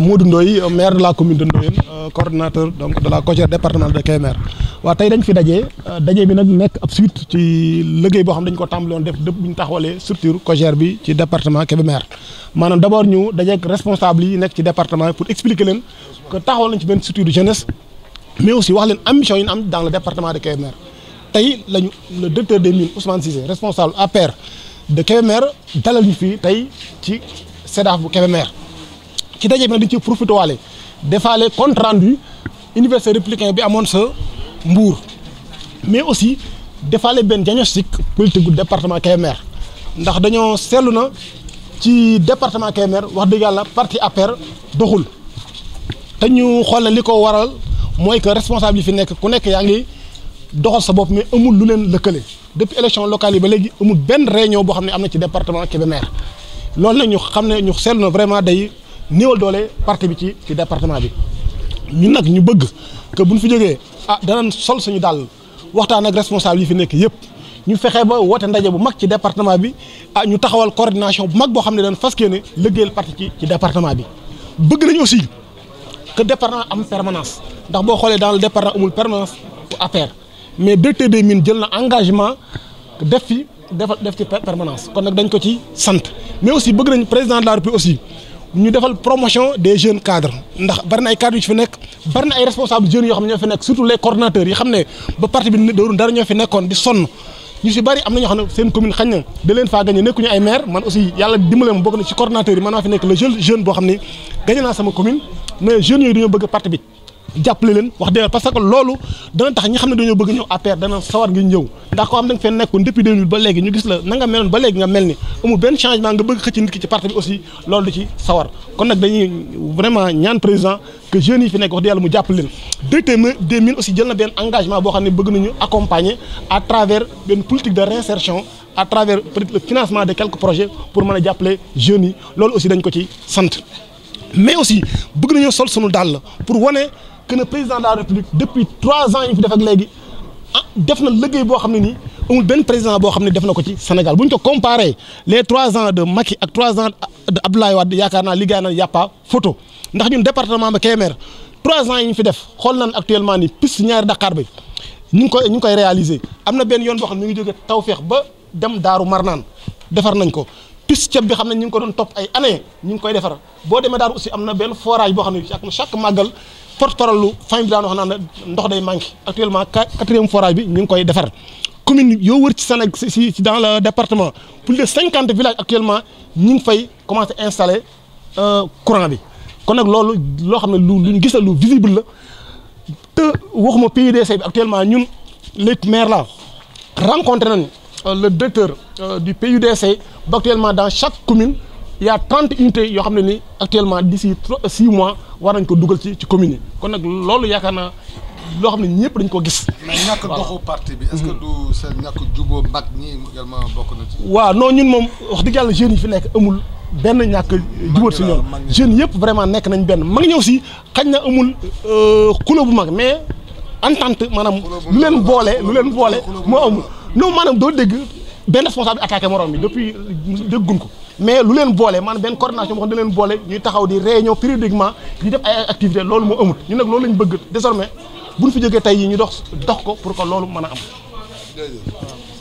Modou Ndoye maire de la commune de Ndoyène euh, coordonnateur donc de la COJER département de Kébémer waaw tey dañ fi daje euh, daje bi nag nekk ab suite ci liggéey boo xam dañ ko tàmbaloon def dëpp bu ñu taxawalee structure COJER bi ci département Kébémer maanaam d'abord ñu dajeek responsable yi nekk ci département pour expliquer leen que taxawal nañ ci benn structure de jeunesse mais aussi wax leen ambition yi ñu am dans le département de Kébémer tey lañu le directeur des mines Ousmane Cissé ñu fii tey ci CEDAF bu ci daje bi di ci profité waale defaale compte rendu université républicain bi amoon sa mbuur mais aussi defaale benn diagnostic politique gu département Kébémer ndax dañoo seetlu na ci département Kébémer wax dëgg yàlla parti APR doxul te ñu xool na li ko waral mooy que responsable yi fi nekk ku nekk yaa ngi doxal sa bopp mais amul lu leen lëkkale depuis élection locale yi ba léegi amul benn réunion boo xam ne am na ci département Kébémer loolu nag ñu xam ne ñu seetlu na vraiment day. néewal doole parti bi ci ci département bi ñun nag ñu bëgg que buñ fi jógee ah danañ sol suñu daal waxtaan ak responsable yi fi nekk yëpp ñu fexe ba woote ndaje bu mag ci département bi ah ñu taxawal coordination bu mag boo xam ne dañ fas ne liggéeyal parti ci ci département bi bëgg nañu aussi que département am permanence ndax boo xoolee dans le département amul permanence bu affaire mais directeur des mines jël na engagement def ci def def ci permanence kon nag dañ ko ci sant mais aussi bëgg nañ président la République aussi ñu defal promotion de jeunes cadres ndax bari na ay cadres yu ci fi nekk bari na ay responsables jeunes yoo xam ñoo fi nekk surtout les coordonnateurs yi xam ne ba parti bi doon dara ñoo fi nekkoon di sonn ñu si bari am na ñoo xam ne seen commune xañ na da faa gagné nekkuñu ay maire man aussi yàlla dimbale bokk na ci coordonnateurs yi man maa fi nekk le jeune jeune boo xam ne gagné naa sama commune mais jeunes yooyu dañoo bëgg parti bi. jàppale leen wax dëgg parce que loolu dana tax ñi xam ne dañoo bëgg ñëw APR dana sawar nga ñëw ndax ko xam da nga feen nekkoon depuis 2000 ba léegi ñu gis la na meloon ba léegi nga mel ni amul benn changement nga bëgg xëcc nit ki ci parti bi aussi loolu du ci sawar kon nag dañuy vraiment ñaan président que jeunes yi fi nekk wax dëgg yàlla mu jàpp leen directeur des mines aussi jël na benn engagement boo xam ne bëgg nañu accompagner à travers benn politique de réinsertion à travers le financement de quelques projets pour a jàppale jeunes yi loolu aussi dañ ko ci sant mais aussi bëgg nañoo sol sunu dàll pour que président de la république depuis trois ans yi fi def ak léegi ah def na liggéey boo xam ne nii amul benn président boo xam ne def na ko ci Sénégal bu ñu ko comparé les trois ans de Macky ak trois ans de Abdoulaye Wade yaakaar naa liggéey na yàppa photo ndax ñun département ba Kébémer trois ans yi ñu fi def xool nañ actuellement ni piste ñaari Dakar bi ñu ngi koy ñu koy réaliser am na benn yoon boo xam ne mi ngi jógee Tawfeex ba dem Daaru Marnaan naan nañ ko. piste ceeb bi xam ne ñu ngi ko doon topp ay année ñu koy defar boo demee Daaru aussi am na benn forage boo xam ne chaque màggal porte-parole lu famille bi daan wax naan ndox day manqué actuellement quatrième forage bi ñu ngi koy defar commune yoo wër ci Sénégal ci ci dans le département plus de cinquante villages actuellement ñu ngi fay commencé installer euh, courant bi kon nag loolu loo xam ne lu luñ gis lu visible la te waxuma PUDC bi actuellement ñun les maires là rencontré nañ euh, le directeur euh, du PUDC ba actuellement dans chaque commune yaa y a yoo xam ne ni actuellement d'ici euh, six mois war nañ ko dugal ci ci commune yi kon nag loolu yaakaar naa loo xam ne ñëpp dañ ko gis. mais ñàkk parti bi. est-ce que mm-hmm. du seen ñàkk juboo mag ñi bokk na waaw non ñun moom wax dëgg yàlla jeunes yi fi nekk amul. benn ñàkk jubóot si ñoom jeunes yëpp vraiment nekk nañ benn mag ñëw si kañ na amul xuloo euh, bu mag mais en entente maanaam lu leen boole lu leen boole moo amul non maanaam doo dégg benn responsable bi attaqué morom bi depuis euh, dégguñ ko mais lu leen boole man benn coordination boo xam ne da leen boole ñuy taxaw di réunion périodiquement di def ay activité loolu moo amut ñu nag loolu lañ bëgg bu buñ fi jegee tey yi ñu dox dox ko pour que loolu mën a am